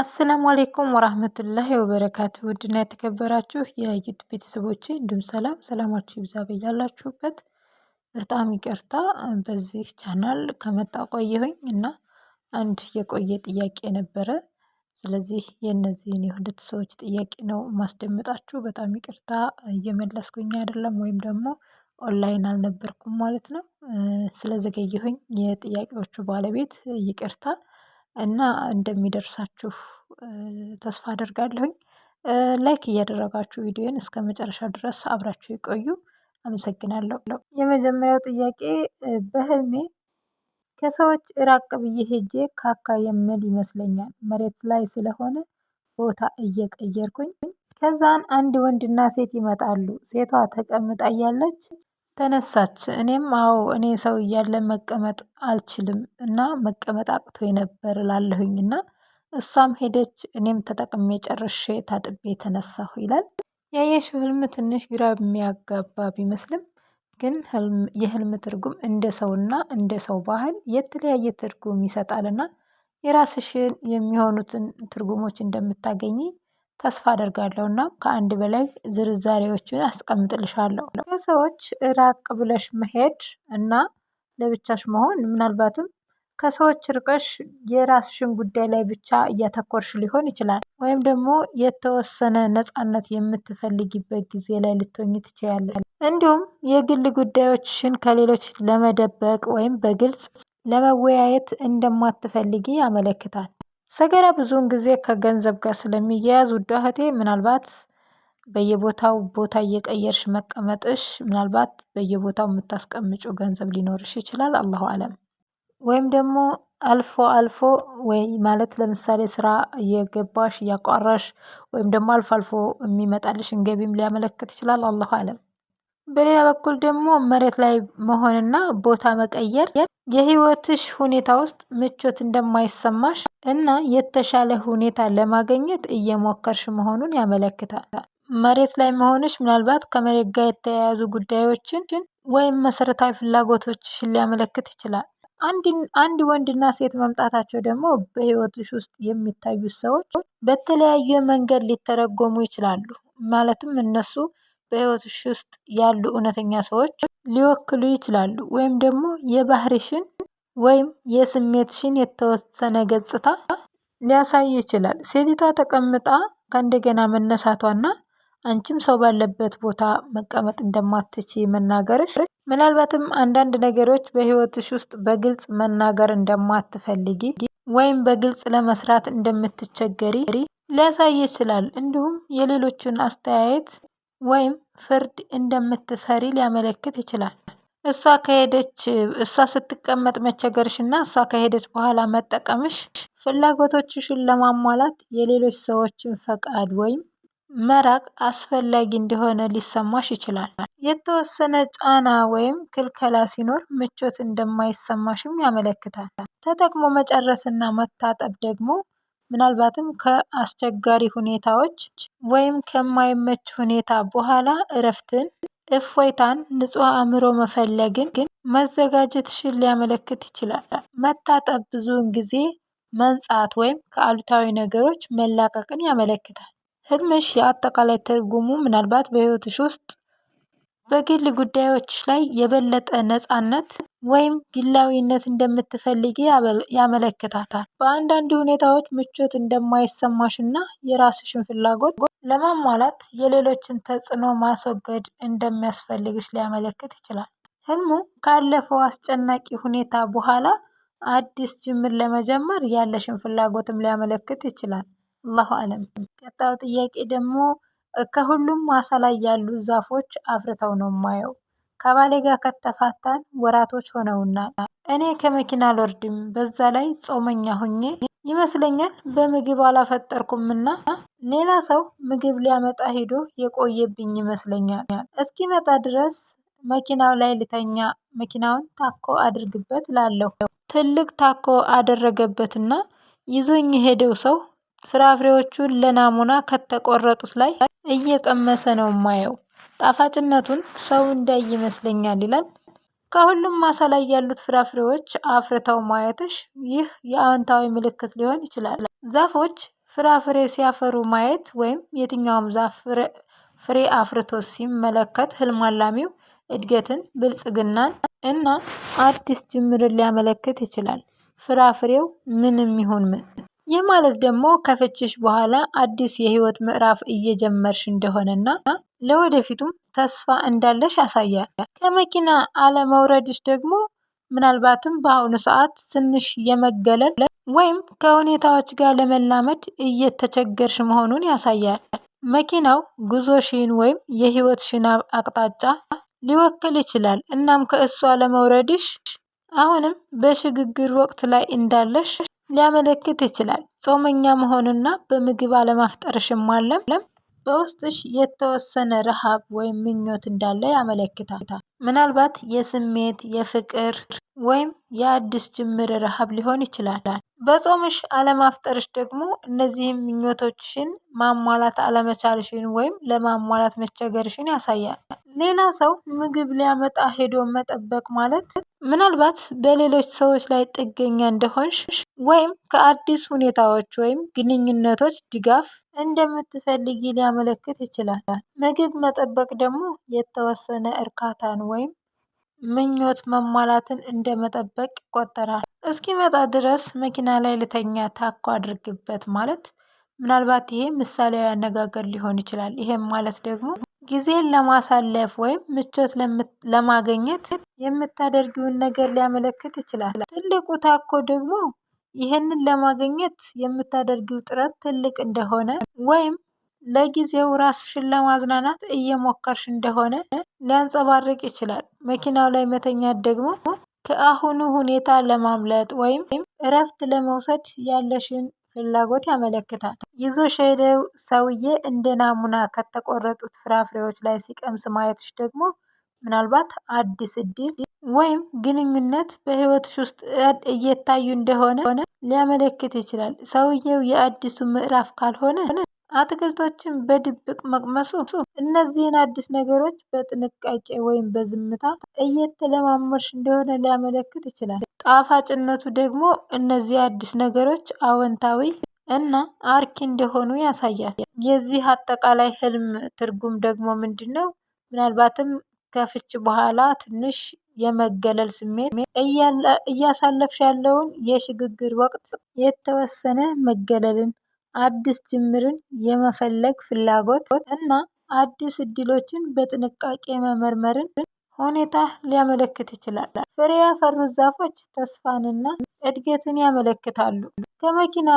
አሰላሙ አሌይኩም ወራህመቱላሂ ወበረካቱ ውድና የተከበራችሁ የዩቱብ ቤተሰቦች እንዲሁም ሰላም ሰላማችሁ ይብዛ በያላችሁበት። በጣም ይቅርታ በዚህ ቻናል ከመጣ ቆየሁኝ እና አንድ የቆየ ጥያቄ ነበረ። ስለዚህ የእነዚህን የሁለት ሰዎች ጥያቄ ነው ማስደምጣችሁ። በጣም ይቅርታ እየመለስኩኝ አይደለም ወይም ደግሞ ኦንላይን አልነበርኩም ማለት ነው። ስለዘገየሁኝ የጥያቄዎቹ ባለቤት ይቅርታ እና እንደሚደርሳችሁ ተስፋ አደርጋለሁኝ። ላይክ እያደረጋችሁ ቪዲዮን እስከ መጨረሻ ድረስ አብራችሁ ይቆዩ። አመሰግናለሁ። የመጀመሪያው ጥያቄ በህልሜ ከሰዎች ራቅ ብዬ ሄጄ ካካ የምል ይመስለኛል። መሬት ላይ ስለሆነ ቦታ እየቀየርኩኝ ከዛን አንድ ወንድና ሴት ይመጣሉ። ሴቷ ተቀምጣ እያለች ተነሳች። እኔም አዎ እኔ ሰው እያለ መቀመጥ አልችልም እና መቀመጥ አቅቶ ነበር ላለሁኝ እና እሷም ሄደች እኔም ተጠቅሜ ጨርሼ ታጥቤ ተነሳሁ ይላል። ያየሽው ህልም ትንሽ ግራ የሚያጋባ ቢመስልም ግን የህልም ትርጉም እንደ ሰውና እንደ ሰው ባህል የተለያየ ትርጉም ይሰጣልና የራስሽን የሚሆኑትን ትርጉሞች እንደምታገኚ ተስፋ አደርጋለሁ እና ከአንድ በላይ ዝርዛሬዎችን አስቀምጥልሻለሁ። ከሰዎች ራቅ ብለሽ መሄድ እና ለብቻሽ መሆን ምናልባትም ከሰዎች ርቀሽ የራስሽን ጉዳይ ላይ ብቻ እያተኮርሽ ሊሆን ይችላል ወይም ደግሞ የተወሰነ ነፃነት የምትፈልጊበት ጊዜ ላይ ልትሆኚ ትችያለሽ። እንዲሁም የግል ጉዳዮችሽን ከሌሎች ለመደበቅ ወይም በግልጽ ለመወያየት እንደማትፈልጊ ያመለክታል ሰገራ ብዙውን ጊዜ ከገንዘብ ጋር ስለሚያያዝ ውድ እህቴ ምናልባት በየቦታው ቦታ እየቀየርሽ መቀመጥሽ ምናልባት በየቦታው የምታስቀምጪው ገንዘብ ሊኖርሽ ይችላል። አላሁ አለም። ወይም ደግሞ አልፎ አልፎ ወይ ማለት ለምሳሌ ስራ እየገባሽ እያቋራሽ ወይም ደግሞ አልፎ አልፎ የሚመጣልሽን ገቢም ሊያመለክት ይችላል። አላሁ አለም በሌላ በኩል ደግሞ መሬት ላይ መሆንና ቦታ መቀየር የህይወትሽ ሁኔታ ውስጥ ምቾት እንደማይሰማሽ እና የተሻለ ሁኔታ ለማገኘት እየሞከርሽ መሆኑን ያመለክታል። መሬት ላይ መሆንሽ ምናልባት ከመሬት ጋር የተያያዙ ጉዳዮችን ወይም መሰረታዊ ፍላጎቶችሽን ሊያመለክት ይችላል። አንድ ወንድና ሴት መምጣታቸው ደግሞ በህይወትሽ ውስጥ የሚታዩ ሰዎች በተለያየ መንገድ ሊተረጎሙ ይችላሉ። ማለትም እነሱ በህይወትሽ ውስጥ ያሉ እውነተኛ ሰዎች ሊወክሉ ይችላሉ። ወይም ደግሞ የባህሪሽን ወይም የስሜትሽን የተወሰነ ገጽታ ሊያሳይ ይችላል። ሴቲቷ ተቀምጣ ከእንደገና መነሳቷና አንቺም ሰው ባለበት ቦታ መቀመጥ እንደማትች መናገርሽ ምናልባትም አንዳንድ ነገሮች በህይወትሽ ውስጥ በግልጽ መናገር እንደማትፈልጊ ወይም በግልጽ ለመስራት እንደምትቸገሪ ሊያሳይ ይችላል። እንዲሁም የሌሎችን አስተያየት ወይም ፍርድ እንደምትፈሪ ሊያመለክት ይችላል። እሷ ከሄደች እሷ ስትቀመጥ መቸገርሽ እና እሷ ከሄደች በኋላ መጠቀምሽ ፍላጎቶችሽን ለማሟላት የሌሎች ሰዎችን ፈቃድ ወይም መራቅ አስፈላጊ እንደሆነ ሊሰማሽ ይችላል። የተወሰነ ጫና ወይም ክልከላ ሲኖር ምቾት እንደማይሰማሽም ያመለክታል። ተጠቅሞ መጨረስና መታጠብ ደግሞ ምናልባትም ከአስቸጋሪ ሁኔታዎች ወይም ከማይመች ሁኔታ በኋላ እረፍትን፣ እፎይታን፣ ንጹህ አእምሮ መፈለግን ግን መዘጋጀትሽን ሊያመለክት ይችላል። መታጠብ ብዙውን ጊዜ መንጻት ወይም ከአሉታዊ ነገሮች መላቀቅን ያመለክታል። ህልምሽ የአጠቃላይ ትርጉሙ ምናልባት በህይወትሽ ውስጥ በግል ጉዳዮች ላይ የበለጠ ነፃነት ወይም ግላዊነት እንደምትፈልጊ ያመለክታታል። በአንዳንድ ሁኔታዎች ምቾት እንደማይሰማሽ እና የራስሽን ፍላጎት ለማሟላት የሌሎችን ተጽዕኖ ማስወገድ እንደሚያስፈልግሽ ሊያመለክት ይችላል። ህልሙ ካለፈው አስጨናቂ ሁኔታ በኋላ አዲስ ጅምር ለመጀመር ያለሽን ፍላጎትም ሊያመለክት ይችላል። አላሁ አለም። ቀጣዩ ጥያቄ ደግሞ ከሁሉም ማሳ ላይ ያሉ ዛፎች አፍርተው ነው ማየው። ከባሌ ጋር ከተፋታን ወራቶች ሆነውና እኔ ከመኪና አልወርድም። በዛ ላይ ጾመኛ ሆኜ ይመስለኛል በምግብ አላፈጠርኩምና ሌላ ሰው ምግብ ሊያመጣ ሄዶ የቆየብኝ ይመስለኛል። እስኪመጣ ድረስ መኪናው ላይ ልተኛ። መኪናውን ታኮ አድርግበት ላለሁ ትልቅ ታኮ አደረገበትና ይዞኝ የሄደው ሰው ፍራፍሬዎቹን ለናሙና ከተቆረጡት ላይ እየቀመሰ ነው ማየው። ጣፋጭነቱን ሰው እንዳይ ይመስለኛል ይላል። ከሁሉም ማሳ ላይ ያሉት ፍራፍሬዎች አፍርተው ማየትሽ ይህ የአዎንታዊ ምልክት ሊሆን ይችላል። ዛፎች ፍራፍሬ ሲያፈሩ ማየት ወይም የትኛውም ዛፍ ፍሬ አፍርቶ ሲመለከት ህልም አላሚው እድገትን፣ ብልጽግናን እና አዲስ ጅምርን ሊያመለክት ይችላል። ፍራፍሬው ምንም ይሁን ምን ይህ ማለት ደግሞ ከፍችሽ በኋላ አዲስ የህይወት ምዕራፍ እየጀመርሽ እንደሆነና ለወደፊቱም ተስፋ እንዳለሽ ያሳያል። ከመኪና አለመውረድሽ ደግሞ ምናልባትም በአሁኑ ሰዓት ትንሽ የመገለል ወይም ከሁኔታዎች ጋር ለመላመድ እየተቸገርሽ መሆኑን ያሳያል። መኪናው ጉዞሽን ወይም የህይወት የህይወትሽን አቅጣጫ ሊወክል ይችላል። እናም ከእሷ ለመውረድሽ አሁንም በሽግግር ወቅት ላይ እንዳለሽ ሊያመለክት ይችላል። ጾመኛ መሆንና በምግብ አለማፍጠርሽን ማለም በውስጥሽ የተወሰነ ረሃብ ወይም ምኞት እንዳለ ያመለክታል። ምናልባት የስሜት፣ የፍቅር ወይም የአዲስ ጅምር ረሃብ ሊሆን ይችላል። በጾምሽ አለማፍጠርሽ ደግሞ እነዚህም ምኞቶችሽን ማሟላት አለመቻልሽን ወይም ለማሟላት መቸገርሽን ያሳያል። ሌላ ሰው ምግብ ሊያመጣ ሄዶ መጠበቅ ማለት ምናልባት በሌሎች ሰዎች ላይ ጥገኛ እንደሆንሽ ወይም ከአዲስ ሁኔታዎች ወይም ግንኙነቶች ድጋፍ እንደምትፈልጊ ሊያመለክት ይችላል። ምግብ መጠበቅ ደግሞ የተወሰነ እርካታን ወይም ምኞት መሟላትን እንደመጠበቅ ይቆጠራል። እስኪመጣ ድረስ መኪና ላይ ልተኛ ታኮ አድርግበት ማለት ምናልባት ይሄ ምሳሌያዊ አነጋገር ሊሆን ይችላል። ይሄም ማለት ደግሞ ጊዜን ለማሳለፍ ወይም ምቾት ለማግኘት የምታደርጊውን ነገር ሊያመለክት ይችላል። ትልቁ ታኮ ደግሞ ይህንን ለማግኘት የምታደርጊው ጥረት ትልቅ እንደሆነ ወይም ለጊዜው ራስሽን ለማዝናናት እየሞከርሽ እንደሆነ ሊያንጸባርቅ ይችላል። መኪናው ላይ መተኛት ደግሞ ከአሁኑ ሁኔታ ለማምለጥ ወይም እረፍት ለመውሰድ ያለሽን ፍላጎት ያመለክታል። ይዞሽ የሄደው ሰውዬ እንደ ናሙና ከተቆረጡት ፍራፍሬዎች ላይ ሲቀምስ ማየትሽ ደግሞ ምናልባት አዲስ እድል ወይም ግንኙነት በህይወትሽ ውስጥ እየታዩ እንደሆነ ሊያመለክት ይችላል። ሰውየው የአዲሱ ምዕራፍ ካልሆነ አትክልቶችን በድብቅ መቅመሱ እነዚህን አዲስ ነገሮች በጥንቃቄ ወይም በዝምታ እየተለማመድሽ እንደሆነ ሊያመለክት ይችላል። ጣፋጭነቱ ደግሞ እነዚህ አዲስ ነገሮች አወንታዊ እና አርኪ እንደሆኑ ያሳያል። የዚህ አጠቃላይ ህልም ትርጉም ደግሞ ምንድን ነው? ምናልባትም ከፍች በኋላ ትንሽ የመገለል ስሜት እያሳለፍሽ ያለውን የሽግግር ወቅት የተወሰነ መገለልን አዲስ ጅምርን የመፈለግ ፍላጎት እና አዲስ እድሎችን በጥንቃቄ መመርመርን ሁኔታ ሊያመለክት ይችላል። ፍሬ ያፈሩ ዛፎች ተስፋንና እድገትን ያመለክታሉ። ከመኪና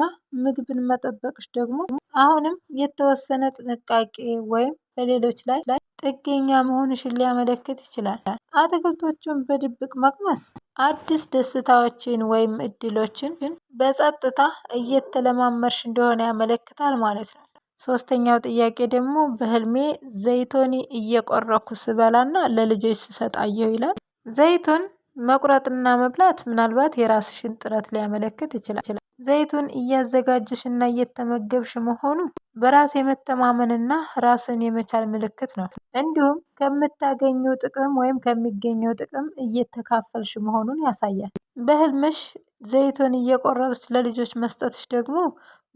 ና ምግብን መጠበቅሽ ደግሞ አሁንም የተወሰነ ጥንቃቄ ወይም በሌሎች ላይ ጥገኛ መሆንሽን ሊያመለክት ይችላል። አትክልቶቹን በድብቅ መቅመስ አዲስ ደስታዎችን ወይም እድሎችን ግን በጸጥታ እየተለማመርሽ እንደሆነ ያመለክታል ማለት ነው። ሶስተኛው ጥያቄ ደግሞ በህልሜ ዘይቶኒ እየቆረኩ ስበላና ለልጆች ስሰጣየሁ ይላል። ዘይቱን መቁረጥና መብላት ምናልባት የራስሽን ጥረት ሊያመለክት ይችላል ዘይቱን እያዘጋጀሽና እየተመገብሽ መሆኑ በራስ የመተማመንና ራስን የመቻል ምልክት ነው። እንዲሁም ከምታገኘው ጥቅም ወይም ከሚገኘው ጥቅም እየተካፈልሽ መሆኑን ያሳያል። በህልምሽ ዘይቱን እየቆረጥሽ ለልጆች መስጠትሽ ደግሞ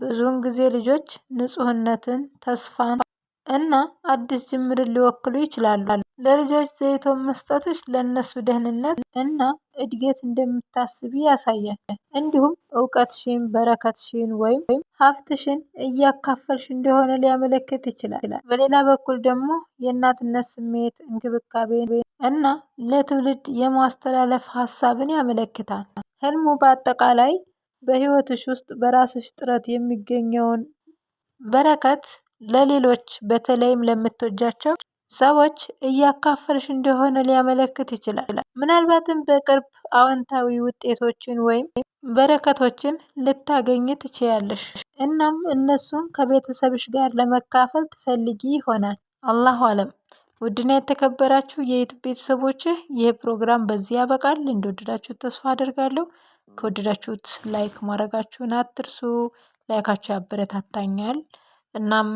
ብዙውን ጊዜ ልጆች ንጹህነትን፣ ተስፋን እና አዲስ ጅምርን ሊወክሉ ይችላሉ። ለልጆች ዘይቶን መስጠትሽ ለእነሱ ደህንነት እና እድገት እንደምታስቢ ያሳያል። እንዲሁም እውቀትሽን፣ በረከትሽን ወይም ሀብትሽን እያካፈልሽ እንደሆነ ሊያመለክት ይችላል። በሌላ በኩል ደግሞ የእናትነት ስሜት፣ እንክብካቤን እና ለትውልድ የማስተላለፍ ሀሳብን ያመለክታል። ህልሙ በአጠቃላይ በህይወትሽ ውስጥ በራስሽ ጥረት የሚገኘውን በረከት ለሌሎች በተለይም ለምትወጃቸው ሰዎች እያካፈልሽ እንደሆነ ሊያመለክት ይችላል። ምናልባትም በቅርብ አዎንታዊ ውጤቶችን ወይም በረከቶችን ልታገኝ ትችያለሽ። እናም እነሱን ከቤተሰብሽ ጋር ለመካፈል ትፈልጊ ይሆናል። አላሁ አለም። ውድና የተከበራችሁ የዩቱብ ቤተሰቦች ይህ ፕሮግራም በዚህ ያበቃል። እንደወደዳችሁት ተስፋ አደርጋለሁ። ከወደዳችሁት ላይክ ማድረጋችሁን አትርሱ። ላይካችሁ ያበረታታኛል። እናም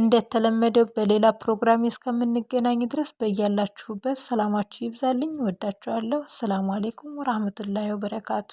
እንደተለመደው በሌላ ፕሮግራም እስከምንገናኝ ድረስ በያላችሁበት ሰላማችሁ ይብዛልኝ። ወዳችኋለሁ። አሰላሙ አሌይኩም ወራህመቱላሂ ወበረካቱ